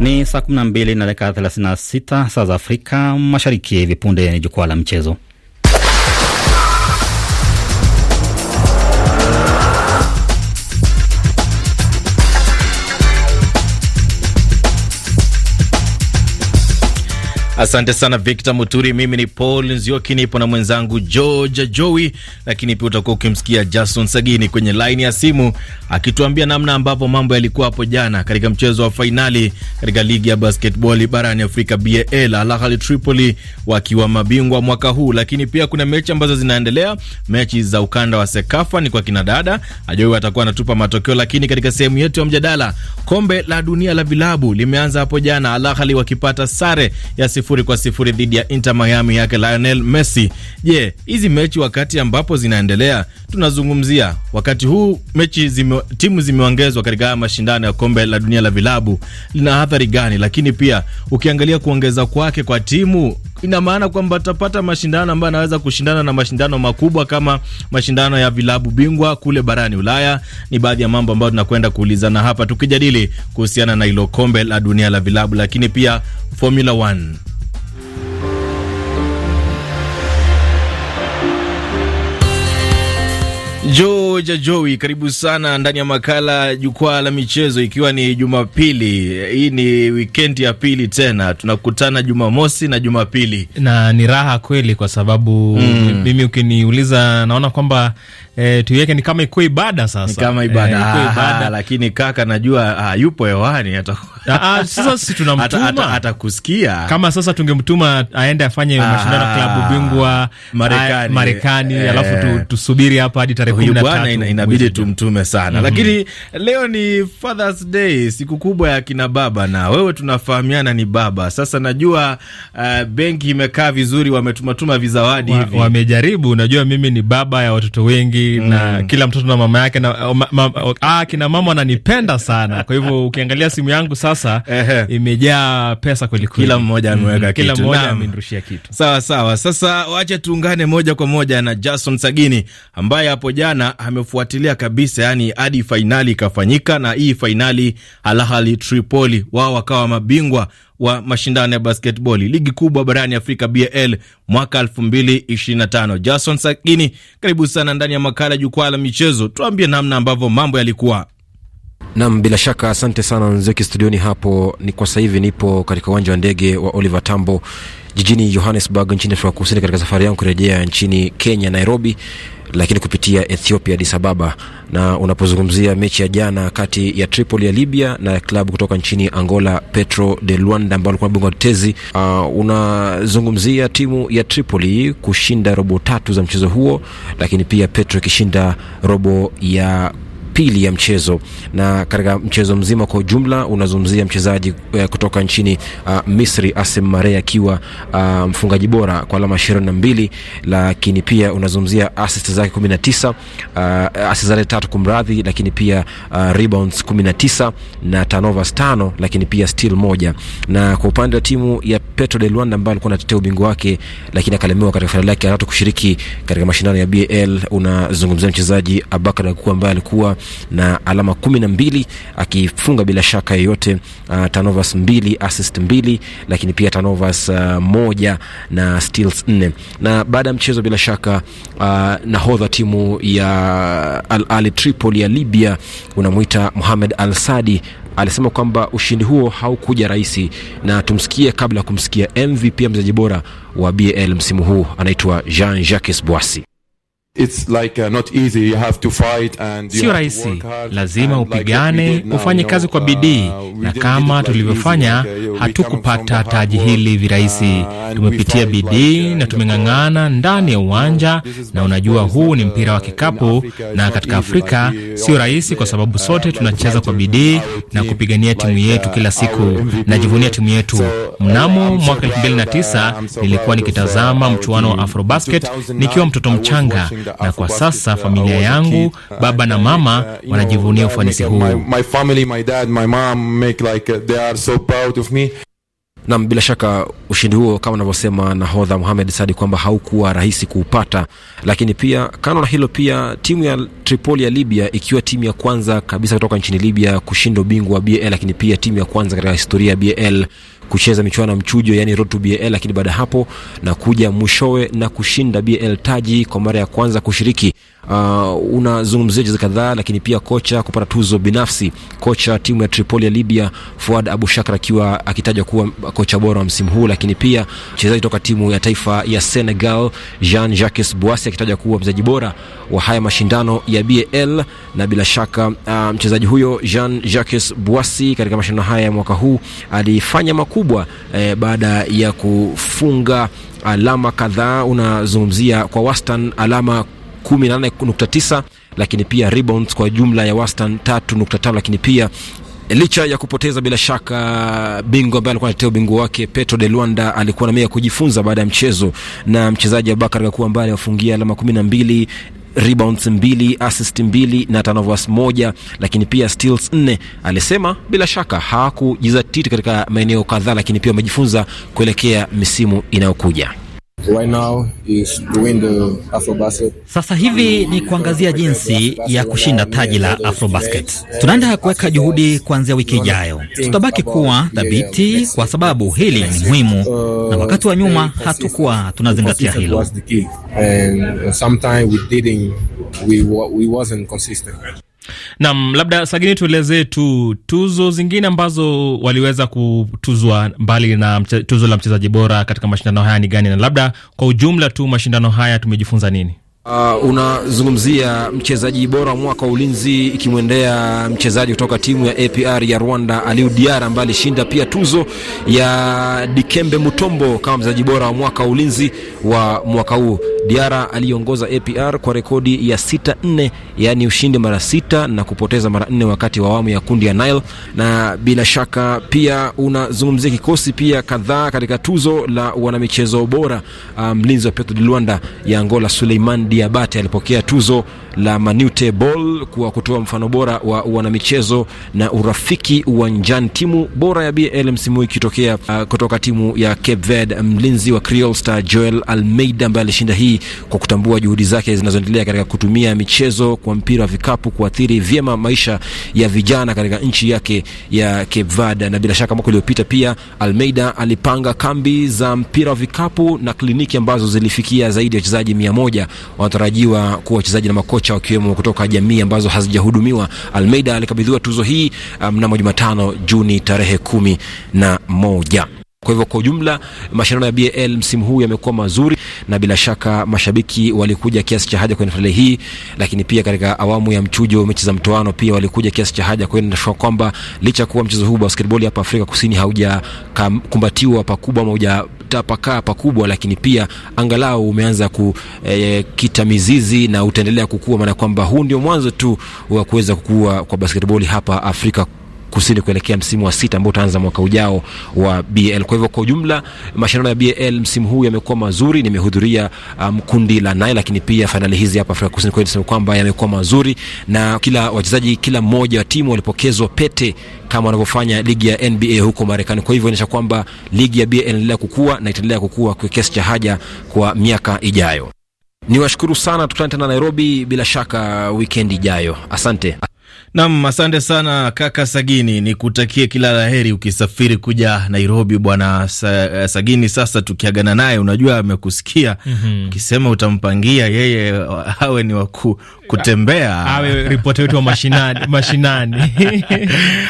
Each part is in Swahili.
Ni saa 12 na dakika 36 saa za Afrika Mashariki. Hivi punde ni jukwaa la mchezo. Asante sana Victor Muturi. Mimi ni Paul Nzioki, nipo na mwenzangu George Joey, lakini pia utakuwa ukimsikia Jason Sagini kwenye laini ya simu akituambia namna ambapo mambo yalikuwa hapo jana katika mchezo wa fainali katika ligi ya basketball barani Afrika BAL, Al Ahly Tripoli wakiwa mabingwa mwaka huu. Lakini pia kuna mechi ambazo zinaendelea, mechi za ukanda wa Sekafa ni kwa kinadada, ajoi Ajowi atakuwa anatupa matokeo, lakini katika sehemu yetu ya mjadala, kombe la dunia la vilabu limeanza hapo jana, Al Ahly wakipata sare ya sifu sifuri kwa sifuri dhidi ya Inter Miami yake Lionel Messi. Je, yeah, hizi mechi wakati ambapo zinaendelea tunazungumzia wakati huu mechi zime, timu zimeongezwa katika haya mashindano ya kombe la dunia la vilabu lina athari gani? Lakini pia ukiangalia kuongeza kwake kwa timu ina maana kwamba atapata mashindano ambayo anaweza kushindana na mashindano makubwa kama mashindano ya vilabu bingwa kule barani Ulaya. Ni baadhi ya mambo ambayo tunakwenda kuulizana hapa tukijadili kuhusiana na hilo kombe la dunia la vilabu, lakini pia Formula 1. Joja Joi, karibu sana ndani ya makala jukwaa la michezo, ikiwa ni Jumapili. Hii ni wikendi ya pili tena, tunakutana Jumamosi na Jumapili, na ni raha kweli, kwa sababu mm, mimi ukiniuliza, naona kwamba e, tuiweke ni kama ikuwa ibada sasa, ni kama ibada, e, ibada. Aha, lakini kaka najua ah, yupo hewani atakuwa Ah, ah, sasa si tunamtuma atakusikia ata, ata kama sasa tungemtuma aende afanye mashindano klabu bingwa Marekani, ah, Marekani e, alafu tu, tusubiri hapa hadi tarehe kumi na tatu ina, inabidi tumtume sana mm -hmm. Lakini leo ni Father's Day, siku kubwa ya kina baba, na wewe tunafahamiana ni baba. Sasa najua uh, benki imekaa vizuri, wametumatuma vizawadi hivi wa, wamejaribu. Najua mimi ni baba ya watoto wengi mm. na kila mtoto na mama yake na ma, ma, ah, kina mama wananipenda sana, kwa hivyo ukiangalia simu yangu sasa sasa imejaa pesa kweli, kila mmoja mm-hmm. ameweka kitu, kila mmoja amenirushia kitu. Sawa sawa, sasa wache tuungane moja kwa moja na Jason Sagini ambaye hapo jana amefuatilia kabisa, yani hadi fainali ikafanyika, na hii fainali Al Ahly Tripoli wao wakawa mabingwa wa mashindano ya basketball ligi kubwa barani Afrika BAL mwaka 2025. Jason Sagini, karibu sana ndani ya makala jukwaa la michezo, tuambie namna ambavyo mambo yalikuwa. Nam, bila shaka asante sana Nzeki studioni hapo. Ni kwa sasa hivi nipo katika uwanja wa ndege wa Oliver Tambo jijini Johannesburg nchini Afrika Kusini, katika safari yangu kurejea nchini Kenya, Nairobi, lakini kupitia Ethiopia, Addis Ababa. Na unapozungumzia mechi ya jana kati ya Tripoli ya Libya na klabu kutoka nchini Angola, Petro de Luanda, ambao walikuwa mabingwa tetezi, uh, unazungumzia timu ya Tripoli kushinda robo tatu za mchezo huo, lakini pia Petro ikishinda robo ya pili ya mchezo, na katika mchezo mzima kwa ujumla unazungumzia mchezaji uh, kutoka nchini uh, Misri Asim Mare akiwa uh, mfungaji bora kwa alama ishirini na mbili, lakini pia unazungumzia assist zake kumi na tisa, uh, assist zake tatu kumradhi, lakini pia uh, rebounds kumi na tisa na turnovers tano, lakini pia steal moja. Na kwa upande wa timu ya Petro de Luanda ambayo alikuwa anatetea ubingwa wake, lakini akalemewa katika fainali yake ya tatu kushiriki katika mashindano ya BAL, unazungumzia mchezaji Abakar Gakuku ambaye alikuwa na alama kumi na mbili akifunga bila shaka yoyote uh, turnovers mbili, assist mbili, lakini pia turnovers uh, moja na steals nne. Na baada ya mchezo bila shaka uh, nahodha timu ya Al Ahly Tripoli ya Libya unamwita Mohamed Al Sadi alisema kwamba ushindi huo haukuja rahisi, na tumsikie kabla ya kumsikia MVP mchezaji bora wa BL msimu huu anaitwa Jean Jacques Boissy. It's like, uh, not easy. You have to fight and you sio rahisi, lazima upigane like ufanye kazi kwa uh, bidii uh, na kama like tulivyofanya hatukupata taji hili virahisi tumepitia bidii na tumeng'ang'ana ndani ya uwanja na unajua huu ni mpira wa kikapu na katika Afrika sio rahisi kwa sababu uh, sote tunacheza kwa bidii na kupigania timu yetu kila uh, siku. Najivunia timu yetu. Mnamo mwaka 2009 nilikuwa nikitazama mchuano wa Afrobasket nikiwa mtoto mchanga na kwa sasa uh, familia yangu, uh, baba na uh, mama, wanajivunia ufanisi huu. Nam, bila shaka ushindi huo kama unavyosema nahodha Mohamed Sadi kwamba haukuwa rahisi kuupata, lakini pia kando na hilo, pia timu ya Tripoli ya Libya ikiwa timu ya kwanza kabisa kutoka nchini Libya kushinda ubingwa wa BAL, lakini pia timu ya kwanza katika historia ya BAL kucheza michuano ya mchujo yani road to BAL, lakini baada ya hapo na kuja mwishowe na kushinda BAL taji kwa mara ya kwanza kushiriki uh, unazungumzia wachezaji kadhaa, lakini pia kocha kupata tuzo binafsi. Kocha timu ya Tripoli ya Libya Fuad Abu Shakra akiwa akitajwa kuwa kocha bora wa msimu huu, lakini pia mchezaji toka timu ya taifa ya Senegal Jean Jacques Boissy akitajwa kuwa mchezaji bora wa haya mashindano ya BAL, na bila shaka uh, mchezaji huyo Jean Jacques Boissy katika mashindano haya ya mwaka huu alifanya makubwa eh, baada ya kufunga alama kadhaa. Unazungumzia kwa wastani alama 18.9 lakini pia rebounds kwa jumla ya wastani 3.5, lakini pia licha ya kupoteza bila shaka bingwa ambaye alikuwa anatetea ubingwa wake Petro de Luanda alikuwa na mengi kujifunza baada ya mchezo, na mchezaji Abubakar Gakuo ambaye aliwafungia alama 12 rebounds mbili, assist mbili na turnovers moja, lakini pia steals nne. Alisema bila shaka hakujizatiti katika maeneo kadhaa, lakini pia wamejifunza kuelekea misimu inayokuja. Right now is to win the Afrobasket. Sasa hivi ni kuangazia jinsi ya kushinda taji la Afrobasket. Tunaenda kuweka juhudi kuanzia wiki ijayo. Tutabaki kuwa thabiti kwa sababu hili ni muhimu, na wakati wa nyuma hatukuwa tunazingatia hilo nam labda Sagini, tuelezee tu tuzo zingine ambazo waliweza kutuzwa mbali na tuzo la mchezaji bora katika mashindano haya ni gani, na labda kwa ujumla tu mashindano haya tumejifunza nini? Uh, unazungumzia mchezaji bora wa mwaka wa ulinzi ikimwendea mchezaji kutoka timu ya APR ya Rwanda Aliou Diara ambaye alishinda pia tuzo ya Dikembe Mutombo kama mchezaji bora wa mwaka wa ulinzi wa mwaka huu. Diara aliongoza APR kwa rekodi ya 6-4, yaani ushindi mara sita na kupoteza mara nne wakati wa awamu ya kundi ya Nile, na bila shaka pia unazungumzia kikosi pia kadhaa katika tuzo la wanamichezo bora. Uh, mlinzi um, wa Petro de Luanda ya Angola Suleiman Diabate alipokea tuzo la Manute Ball kwa kutoa mfano bora wa wanamichezo na urafiki uwanjani. Timu bora ya BAL msimu huu ikitokea uh, kutoka timu ya Cape Verde, mlinzi wa Creole Star Joel Almeida ambaye alishinda hii kwa kutambua juhudi zake zinazoendelea katika kutumia michezo kwa mpira wa vikapu kuathiri vyema maisha ya vijana katika nchi yake ya Cape Verde. Na bila shaka mwaka uliopita pia Almeida alipanga kambi za mpira wa vikapu na kliniki ambazo zilifikia zaidi ya wachezaji mia moja wanatarajiwa kuwa wachezaji na makocha makocha wakiwemo kutoka jamii ambazo hazijahudumiwa. Almeida alikabidhiwa tuzo hii um, mnamo um, Jumatano Juni tarehe kumi na moja. Kwa hivyo kwa ujumla mashindano ya BAL msimu huu yamekuwa mazuri, na bila shaka mashabiki walikuja kiasi cha haja kwenye finali hii, lakini pia katika awamu ya mchujo, mechi za mtoano pia walikuja kiasi cha haja. Kwa hiyo kwamba licha kuwa mchezo huu basketball hapa Afrika Kusini haujakumbatiwa pakubwa ama tapakaa pakubwa, lakini pia angalau umeanza kukita eh, mizizi na utaendelea kukua, maana kwamba huu ndio mwanzo tu wa kuweza kukua kwa basketball hapa Afrika kusini kuelekea msimu wa sita ambao utaanza mwaka ujao wa BL. Kwa hivyo kwa ujumla mashindano ya BL msimu huu yamekuwa mazuri. Nimehudhuria um, kundi la nane, lakini pia fainali hizi hapa Afrika Kusini, kwa hiyo kwamba yamekuwa mazuri na kila wachezaji, kila mmoja wa timu walipokezwa pete kama wanavyofanya ligi ya NBA huko Marekani. Kwa hivyo inaonyesha kwamba ligi ya BL inaendelea kukua na itaendelea kukua kwa kiasi cha haja kwa miaka ijayo. Niwashukuru sana, tukutane tena Nairobi bila shaka wikendi ijayo. Asante. Nam, asante sana kaka Sagini, ni kutakie kila la heri ukisafiri kuja Nairobi bwana sa, eh, Sagini. Sasa tukiagana naye, unajua amekusikia mhm. ukisema mm -hmm. Utampangia yeye awe ni waku, kutembea awe ripoti wetu wa mashinani mashinani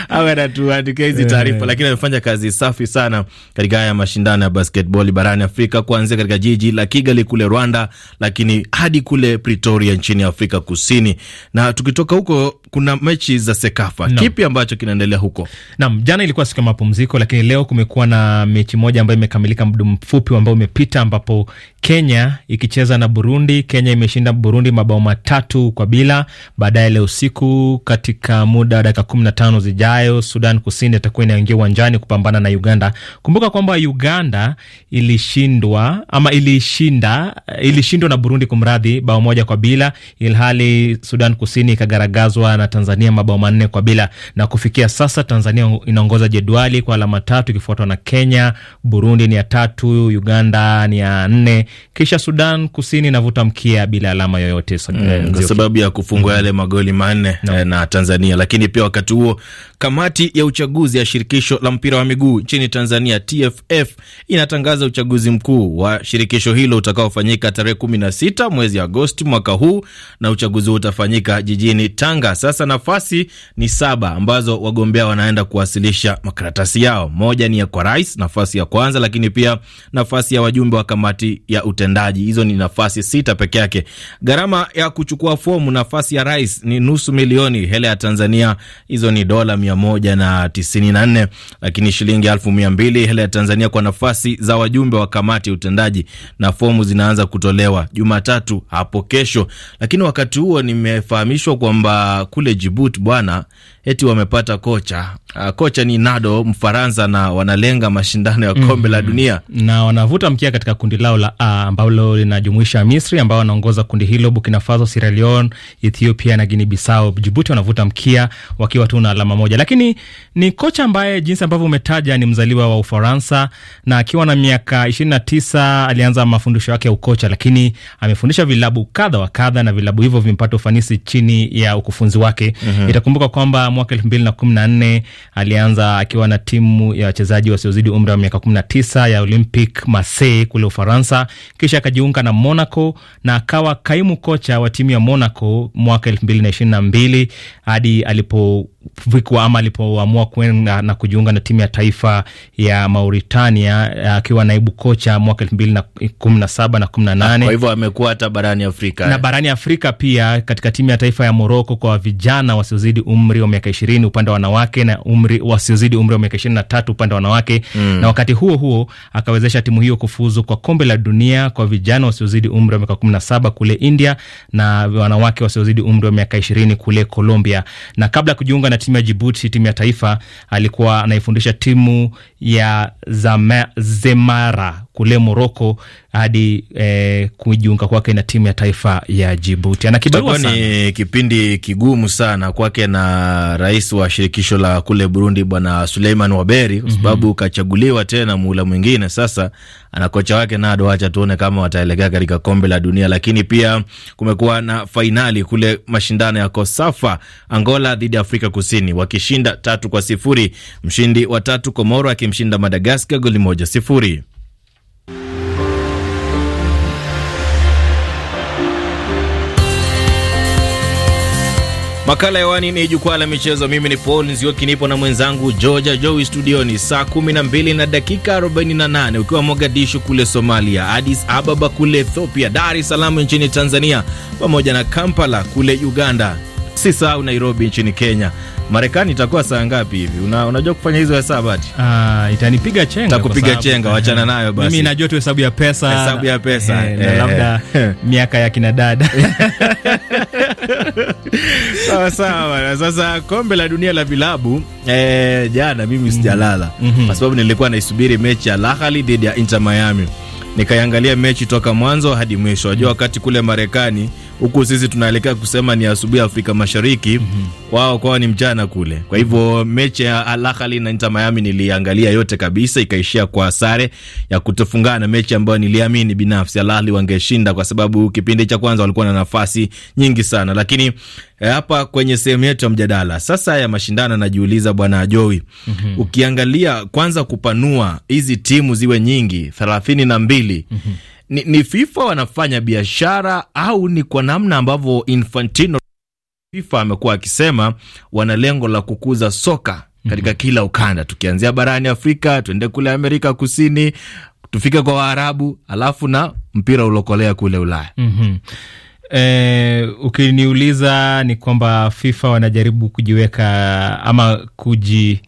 awe anatuandikia hizi taarifa, eh. lakini amefanya kazi safi sana katika haya mashindano ya basketball barani Afrika, kuanzia katika jiji la Kigali kule Rwanda, lakini hadi kule Pretoria nchini Afrika Kusini. Na tukitoka huko, kuna mechi za Sekafa. Kipi ambacho kinaendelea huko? Naam, jana ilikuwa siku ya mapumziko, lakini leo kumekuwa na mechi moja ambayo imekamilika muda mfupi ambao umepita, ambapo Kenya ikicheza na Burundi. Kenya imeshinda Burundi mabao matatu kwa bila. Baadaye leo usiku katika muda wa dakika kumi na tano zijayo, Sudan Kusini itakuwa inaingia uwanjani kupambana na Uganda. Kumbuka kwamba Uganda ilishindwa ama ilishinda ilishindwa na Burundi kumradhi, bao moja kwa bila, ilhali Sudan Kusini ikagaragazwa na Tanzania mabao manne kwa bila, na kufikia sasa Tanzania inaongoza jedwali kwa alama tatu ikifuatwa na Kenya. Burundi ni ya tatu, Uganda ni ya nne kisha Sudan Kusini inavuta mkia bila alama yoyote so, mm, eh, kwa sababu ya kufungwa mm yale magoli manne no. eh, na Tanzania. Lakini pia wakati huo kamati ya uchaguzi ya shirikisho la mpira wa miguu nchini Tanzania TFF inatangaza uchaguzi mkuu wa shirikisho hilo utakaofanyika tarehe kumi na sita mwezi Agosti mwaka huu, na uchaguzi huu utafanyika jijini Tanga. Sasa nafasi ni saba ambazo wagombea wanaenda kuwasilisha makaratasi yao. Moja ni ya kwa rais, nafasi ya kwanza, lakini pia nafasi ya wajumbe wa kamati ya ya utendaji. Hizo ni nafasi sita peke yake. Gharama ya kuchukua fomu nafasi ya rais ni nusu milioni hela ya Tanzania, hizo ni dola mia moja na tisini na nne, lakini shilingi elfu mia mbili hela ya Tanzania kwa nafasi za wajumbe wa kamati ya utendaji, na fomu zinaanza kutolewa Jumatatu hapo kesho. Lakini wakati huo nimefahamishwa kwamba kule Jibuti bwana eti wamepata kocha. Uh, kocha ni Nado Mfaransa, na wanalenga mashindano ya kombe mm -hmm. la mm-hmm. dunia, na wanavuta mkia katika kundi lao la A ambalo linajumuisha Misri ambao wanaongoza kundi hilo, bukina Faso, Sierra leon Ethiopia na guini Bissau. Jibuti wanavuta mkia wakiwa tu na alama moja, lakini ni kocha ambaye jinsi ambavyo umetaja ni mzaliwa wa Ufaransa na akiwa na miaka ishirini na tisa alianza mafundisho yake ya ukocha, lakini amefundisha vilabu kadha wa kadha na vilabu hivyo vimepata ufanisi chini ya ukufunzi wake. mm -hmm. Itakumbuka kwamba mwaka elfu mbili na kumi na nne alianza akiwa na timu ya wachezaji wasiozidi umri wa miaka kumi na tisa ya Olympic Marseille kule Ufaransa, kisha akajiunga na Monaco na akawa kaimu kocha wa timu ya Monaco mwaka elfu mbili na ishirini na mbili hadi alipo alipovikwa ama alipoamua kwenda na kujiunga na timu ya taifa ya Mauritania akiwa naibu kocha mwaka elfu mbili na kumi na saba na kumi na ah, nane. Kwa hivyo amekuwa hata barani Afrika na eh. barani Afrika pia katika timu ya taifa ya Moroko kwa vijana wasiozidi umri wa miaka ishirini upande wa wanawake na umri wasiozidi umri wa miaka ishirini na tatu upande wa wanawake mm. Na wakati huo huo akawezesha timu hiyo kufuzu kwa kombe la dunia kwa vijana wasiozidi umri wa miaka kumi na saba kule India na wanawake wasiozidi umri wa miaka ishirini kule Colombia na kabla kujiunga na timu ya Jibuti, timu ya taifa, alikuwa anaifundisha timu ya Zama, Zemara kule Moroko hadi eh, kujiunga kwake na timu ya taifa ya Jibuti. Ana kibarua sana, ni kipindi kigumu sana kwake na rais wa shirikisho la kule Burundi Bwana Suleiman Waberi kwa mhm. sababu mm -hmm. kachaguliwa tena muhula mwingine sasa, ana kocha wake Nado, wacha tuone kama wataelekea katika kombe la dunia. Lakini pia kumekuwa na fainali kule mashindano ya Kosafa, Angola dhidi ya Afrika Kusini wakishinda tatu kwa sifuri, mshindi wa tatu Komoro akimshinda Madagaskar goli moja sifuri. Makala hewani ni jukwaa la michezo. Mimi ni Paul Nzioki, nipo na mwenzangu Georgia Joi studioni. Saa 12 na dakika 48 ukiwa Mogadishu kule Somalia, adis Ababa kule Ethiopia, Dar es Salaam nchini Tanzania, pamoja na Kampala kule Uganda, si sahau Nairobi nchini Kenya. Marekani itakuwa saa ngapi hivi? Una, unajua kufanya hizo hesabati? Ah, itanipiga chenga. chenga, wachana nayo basi. Mimi najua tu hesabu ya pesa. Hesabu ya pesa. Eh, eh. labda miaka ya kina dada sawa sawa. Sasa kombe la dunia la vilabu eh, jana mimi sijalala mm -hmm. kwa sababu nilikuwa naisubiri mechi ya lahali dhidi ya Inter Miami, nikaiangalia mechi toka mwanzo hadi mwisho. Wajua mhm. wakati kule Marekani huku sisi tunaelekea kusema ni asubuhi Afrika Mashariki, mm -hmm. wao kwao ni mchana kule. Kwa hivyo mechi ya Al Ahly na Inter Miami niliangalia yote kabisa, ikaishia kwa sare ya kutofungana, mechi ambayo niliamini binafsi Al Ahly wangeshinda kwa sababu kipindi cha kwanza walikuwa na nafasi nyingi sana, lakini eh, hapa kwenye sehemu yetu ya mjadala sasa ya mashindano, najiuliza bwana Ajoi, mm -hmm. ukiangalia kwanza kupanua hizi timu ziwe nyingi thelathini na mbili mm -hmm ni, ni FIFA wanafanya biashara au ni kwa namna ambavyo Infantino FIFA amekuwa akisema wana lengo la kukuza soka katika mm -hmm. kila ukanda, tukianzia barani Afrika tuende kule Amerika Kusini tufike kwa Waarabu alafu na mpira ulokolea kule Ulaya. mm -hmm. E, ukiniuliza ni kwamba FIFA wanajaribu kujiweka ama kuji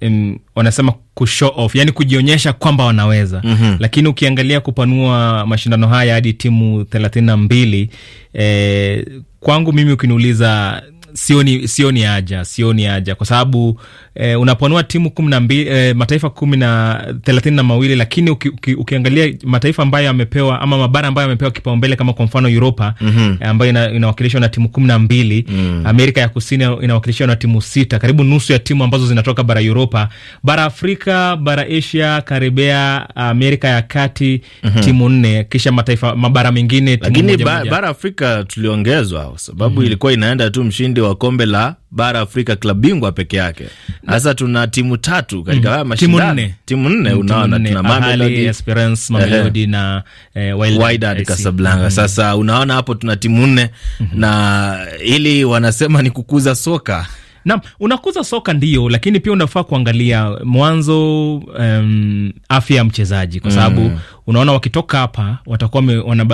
in, wanasema kushow off, yani kujionyesha kwamba wanaweza mm -hmm. Lakini ukiangalia kupanua mashindano haya hadi timu thelathini na mbili eh, kwangu mimi ukiniuliza sioni, sioni haja, sioni haja kwa sababu eh, unaponua timu kumi na mbili eh, mataifa kumi na thelathini na mawili lakini uki, uki, ukiangalia mataifa ambayo yamepewa ama mabara ambayo yamepewa kipaumbele kama kwa mfano Uropa mm -hmm. ambayo ina, inawakilishwa na timu kumi na mbili mm -hmm. Amerika ya Kusini inawakilishwa na timu sita, karibu nusu ya timu ambazo zinatoka bara Uropa, bara Afrika, bara Asia, Karibea, Amerika ya Kati mm -hmm. timu nne, kisha mataifa mabara mengine, lakini ba, bara Afrika tuliongezwa kwa sababu mm -hmm. ilikuwa inaenda tu mshindi wa kombe la bara Afrika klabu bingwa peke yake. Sasa tuna timu tatu katika mhm. haya mashindano, timu nne. Mhm, unaona tuna Mamelodi, Esperance, Mamelodi na eh, Wydad Casablanca. Mhm. Sasa unaona hapo tuna timu nne na ili wanasema ni kukuza soka nam unakuza soka ndio, lakini pia unafaa kuangalia mwanzo, um, afya ya mchezaji kwa sababu mm unaona wakitoka hapa watakuwa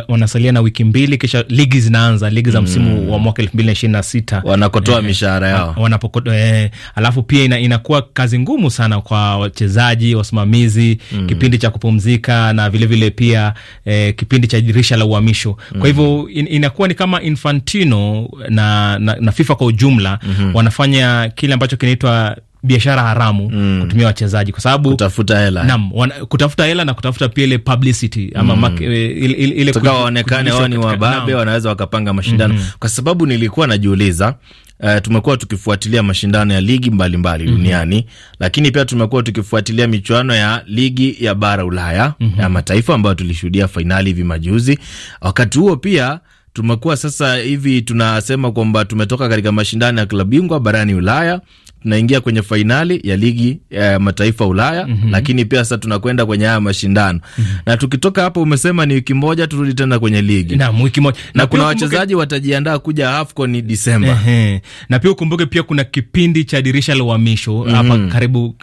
wanasalia na wiki mbili, kisha ligi zinaanza, ligi za mm. msimu mm. wa mwaka elfu mbili na ishirini na sita wanakotoa eh, mishahara eh, yao wanapokotoa eh, alafu pia ina, inakuwa kazi ngumu sana kwa wachezaji, wasimamizi mm. kipindi cha kupumzika na vilevile vile pia eh, kipindi cha dirisha la uhamisho kwa hivyo mm. in, inakuwa ni kama Infantino na, na, na FIFA kwa ujumla mm -hmm. wanafanya kile ambacho kinaitwa biashara haramu mm. kutumia wachezaji kwa sababu kutafuta hela, naam, kutafuta hela na kutafuta pia ile publicity ama mm. mak, e, eh, ile, ile kutoka waonekane wao ni wababe, wanaweza wakapanga mashindano mm -hmm. kwa sababu nilikuwa najiuliza Uh, tumekuwa tukifuatilia mashindano ya ligi mbalimbali mbali mm-hmm. duniani mm -hmm. lakini pia tumekuwa tukifuatilia michuano ya ligi ya bara Ulaya mm -hmm. ya mm-hmm. mataifa ambayo tulishuhudia fainali hivi majuzi. Wakati huo pia tumekuwa sasa hivi tunasema kwamba tumetoka katika mashindano ya klabu bingwa barani Ulaya tunaingia kwenye fainali ya ligi ya mataifa Ulaya mm -hmm. Lakini pia sasa tunakwenda kwenye haya mashindano mm -hmm. Na tukitoka hapo, umesema ni wiki moja, turudi tena kwenye ligi na wiki moja, na, na kuna wachezaji kumbuke... watajiandaa kuja AFCON ni Disemba eh, eh. na pia ukumbuke pia kuna kipindi cha dirisha la uhamisho hapa mm -hmm. Karibu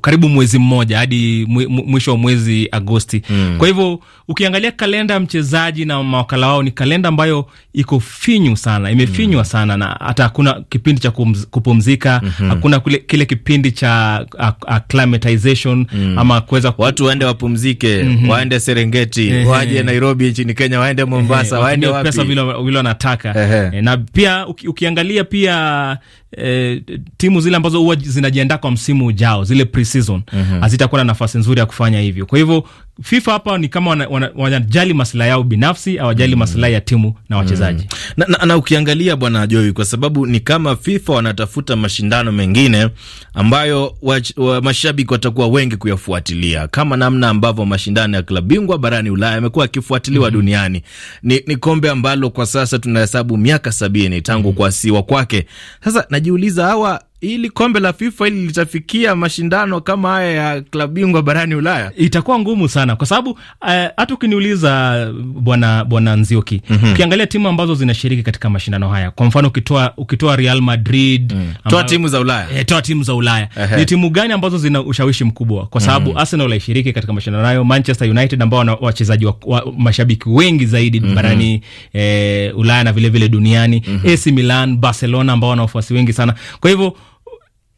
karibu mwezi mmoja hadi mwisho wa mwezi Agosti mm -hmm. Kwa hivyo ukiangalia kalenda ya mchezaji na mawakala wao ni kalenda ambayo iko finyu sana, imefinywa mm -hmm. sana na hata hakuna kipindi cha kupumzika mm -hmm mm. hakuna kule, kile kipindi cha acclimatization mm. ama kuweza watu waende wapumzike mm -hmm. waende Serengeti mm -hmm. waje Nairobi nchini Kenya waende Mombasa mm -hmm. waende wapi, pesa vile wanataka mm -hmm. na pia uki, ukiangalia pia E, timu zile ambazo huwa zinajiandaa kwa msimu ujao zile pre-season hazitakuwa mm -hmm. na nafasi nzuri ya kufanya hivyo. Kwa hivyo FIFA hapa ni kama wanajali wana, wana maslahi yao binafsi, hawajali mm -hmm. maslahi ya timu na wachezaji mm -hmm. na, na, na ukiangalia bwana Joey, kwa sababu ni kama FIFA wanatafuta mashindano mengine ambayo wa, wa mashabiki watakuwa wengi kuyafuatilia kama namna ambavyo mashindano ya klabu bingwa barani Ulaya yamekuwa yakifuatiliwa mm -hmm. duniani. Ni, ni kombe ambalo kwa sasa tunahesabu miaka sabini tangu mm -hmm. kuasiwa kwake. Sasa najiuliza hawa ili kombe la FIFA ili litafikia mashindano kama haya ya klabu bingwa barani Ulaya, itakuwa ngumu sana, kwa sababu eh, hata uh, ukiniuliza bwana bwana Nzioki, mm -hmm. ukiangalia timu ambazo zinashiriki katika mashindano haya, kwa mfano ukitoa ukitoa Real Madrid mm. toa timu za Ulaya eh, toa timu za Ulaya uh -huh. ni timu gani ambazo zina ushawishi mkubwa? Kwa mhm. sababu mm -hmm. Arsenal haishiriki katika mashindano hayo, Manchester United ambao wana wachezaji wa, wa, mashabiki wengi zaidi mm -hmm. barani eh, Ulaya na vile vile duniani mm -hmm. AC Milan, Barcelona ambao wana wafuasi wengi sana, kwa hivyo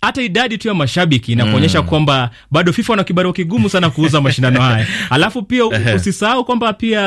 hata idadi tu ya mashabiki inakuonyesha mm. kwamba bado FIFA wana kibarua kigumu sana kuuza mashindano haya. Alafu pia usisahau kwamba pia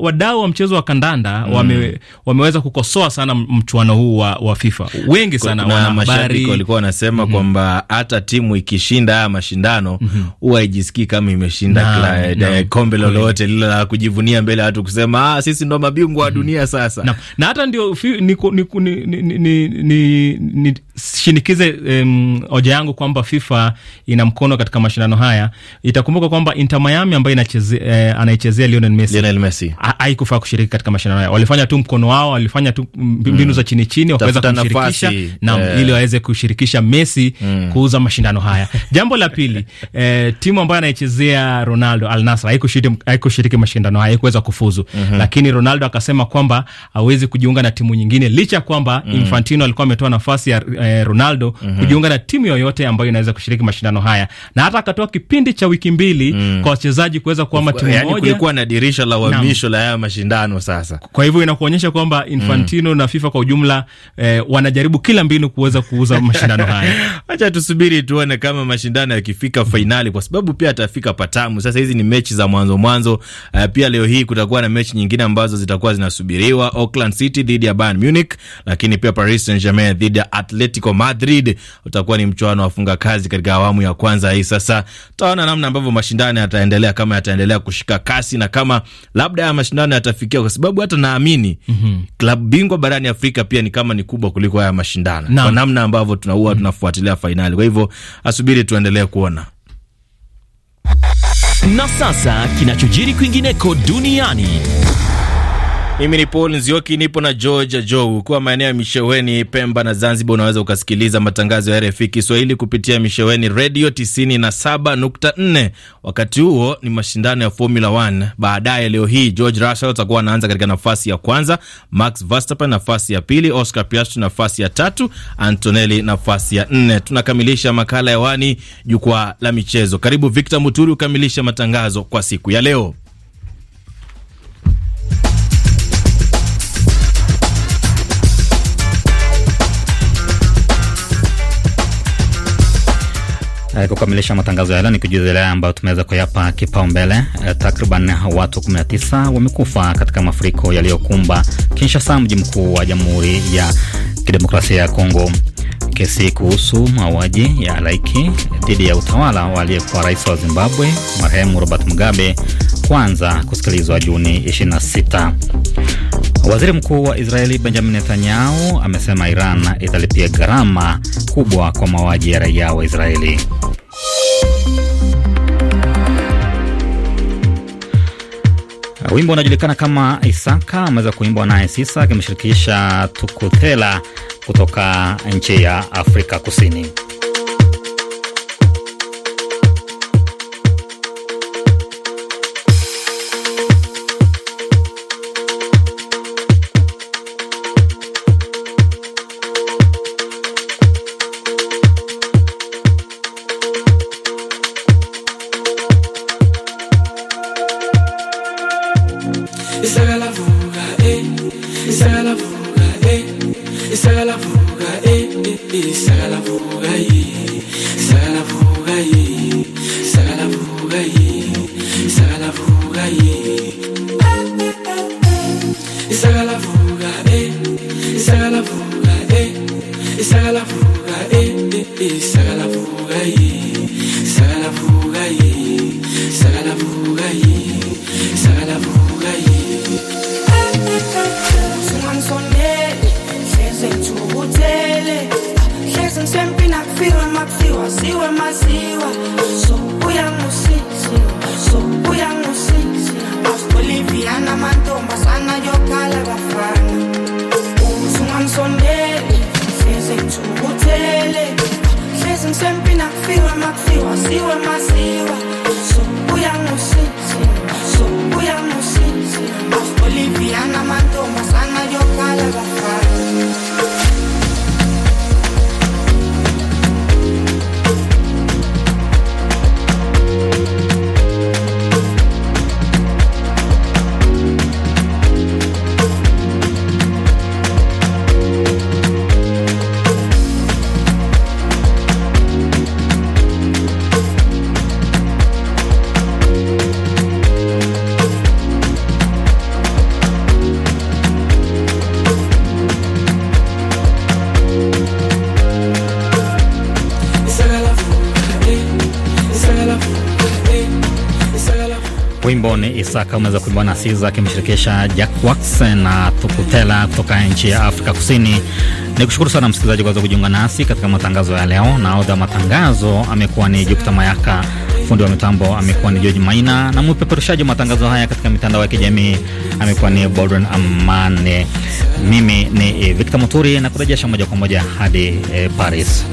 wadau wa mchezo wa kandanda mm. wame, wameweza kukosoa sana mchuano huu wa, wa FIFA wengi sana wana mashabiki walikuwa wanasema mm -hmm. kwamba hata timu ikishinda haya mashindano mm huwa -hmm. haijisikii kama imeshinda eh, kombe lolote lile la kujivunia mbele ya watu kusema ah, sisi ndo mabingwa wa mm -hmm. dunia sasa na, na hata ndio ni, ni, ni, ni, ni, ni, ni, ni shinikize um, hoja yangu kwamba FIFA ina mkono katika mashindano haya. Itakumbuka kwamba Inter Miami ambayo eh, anaichezea Lionel Messi, Lionel Messi haikufaa kushiriki katika mashindano haya. Walifanya tu mkono wao, walifanya tu mm. mbinu mm. za chini chini, wakaweza kushirikisha na yeah. ili waweze kushirikisha Messi mm. kuuza mashindano haya. Jambo la pili, eh, timu ambayo anaichezea Ronaldo Al Nassr haikushiriki haikushiriki mashindano haya, haikuweza kufuzu. mm -hmm. Lakini Ronaldo akasema kwamba hawezi kujiunga na timu nyingine licha kwamba mm. Infantino alikuwa ametoa nafasi ya eh, Ronaldo mm -hmm. kujiunga na timu yoyote ambayo inaweza kushiriki mashindano haya, na hata akatoa kipindi cha wiki mbili mm. kwa wachezaji kuweza kuama timu yani moja. kulikuwa na dirisha la uhamisho la haya mashindano sasa. Kwa hivyo inakuonyesha kwamba Infantino mm. na FIFA kwa ujumla eh, wanajaribu kila mbinu kuweza kuuza mashindano haya. Acha tusubiri tuone kama mashindano yakifika fainali, kwa sababu pia atafika patamu. Sasa hizi ni mechi za mwanzo mwanzo. Uh, pia leo hii kutakuwa na mechi nyingine ambazo zitakuwa zinasubiriwa, Auckland City dhidi ya Bayern Munich, lakini pia Paris Saint-Germain dhidi ya Atletico Madrid utakuwa ni mchuano wa funga kazi katika awamu ya kwanza hii. Sasa tutaona namna ambavyo mashindano yataendelea, kama yataendelea kushika kasi na kama labda ya mashindano yatafikia, kwa sababu hata naamini mm -hmm. klabu bingwa barani Afrika pia ni kama ni kubwa kuliko haya mashindano na, kwa namna ambavyo tunaua mm -hmm. tunafuatilia fainali. Kwa hivyo asubiri tuendelee kuona na sasa kinachojiri kwingineko duniani mimi ni Paul Nzioki, nipo na George ajou kuwa maeneo ya Misheweni, Pemba na Zanzibar, unaweza ukasikiliza matangazo ya RFI Kiswahili kupitia Misheweni redio 97.4. Wakati huo ni mashindano ya Formula 1 baadaye leo hii. George Russell atakuwa anaanza katika nafasi ya kwanza, Max Verstappen nafasi ya pili, Oscar Piastri nafasi ya tatu, Antonelli nafasi ya nne. Tunakamilisha makala ya wani jukwaa la michezo. Karibu Victor Muturi ukamilishe matangazo kwa siku ya leo. Eh, kukamilisha matangazo yaleo ni kujuzilea ambayo tumeweza kuyapa kipaumbele. Eh, takriban watu 19 wamekufa katika mafuriko yaliyokumba Kinshasa, mji mkuu wa Jamhuri ya Kidemokrasia ya Kongo. Kesi kuhusu mauaji ya halaiki dhidi ya utawala wa aliyekuwa rais wa Zimbabwe marehemu Robert Mugabe kwanza kusikilizwa Juni 26. Waziri mkuu wa Israeli Benjamin Netanyahu amesema Iran italipia gharama kubwa kwa mauaji ya raia wa Israeli. Wimbo unaojulikana kama Isaka ameweza kuimbwa naye Sisa akimshirikisha Tukuthela kutoka nchi ya Afrika Kusini. siwe maziwa abadala bafana uze ungangisondeli hleze ngithukuthele masiwa Wimbo ni Isaka umeweza kuimbwa na Siza akimshirikisha Jack Wax na Tukutela kutoka nchi ya Afrika Kusini. Ni kushukuru sana msikilizaji kwaweza kujiunga nasi katika matangazo ya leo. Naodha matangazo amekuwa ni jukta Mayaka, fundi wa mitambo amekuwa ni George Maina, na mpeperushaji wa matangazo haya katika mitandao ya kijamii amekuwa ni Bolden Amane. Mimi ni Victor Muturi na kurejesha moja kwa moja hadi eh, Paris.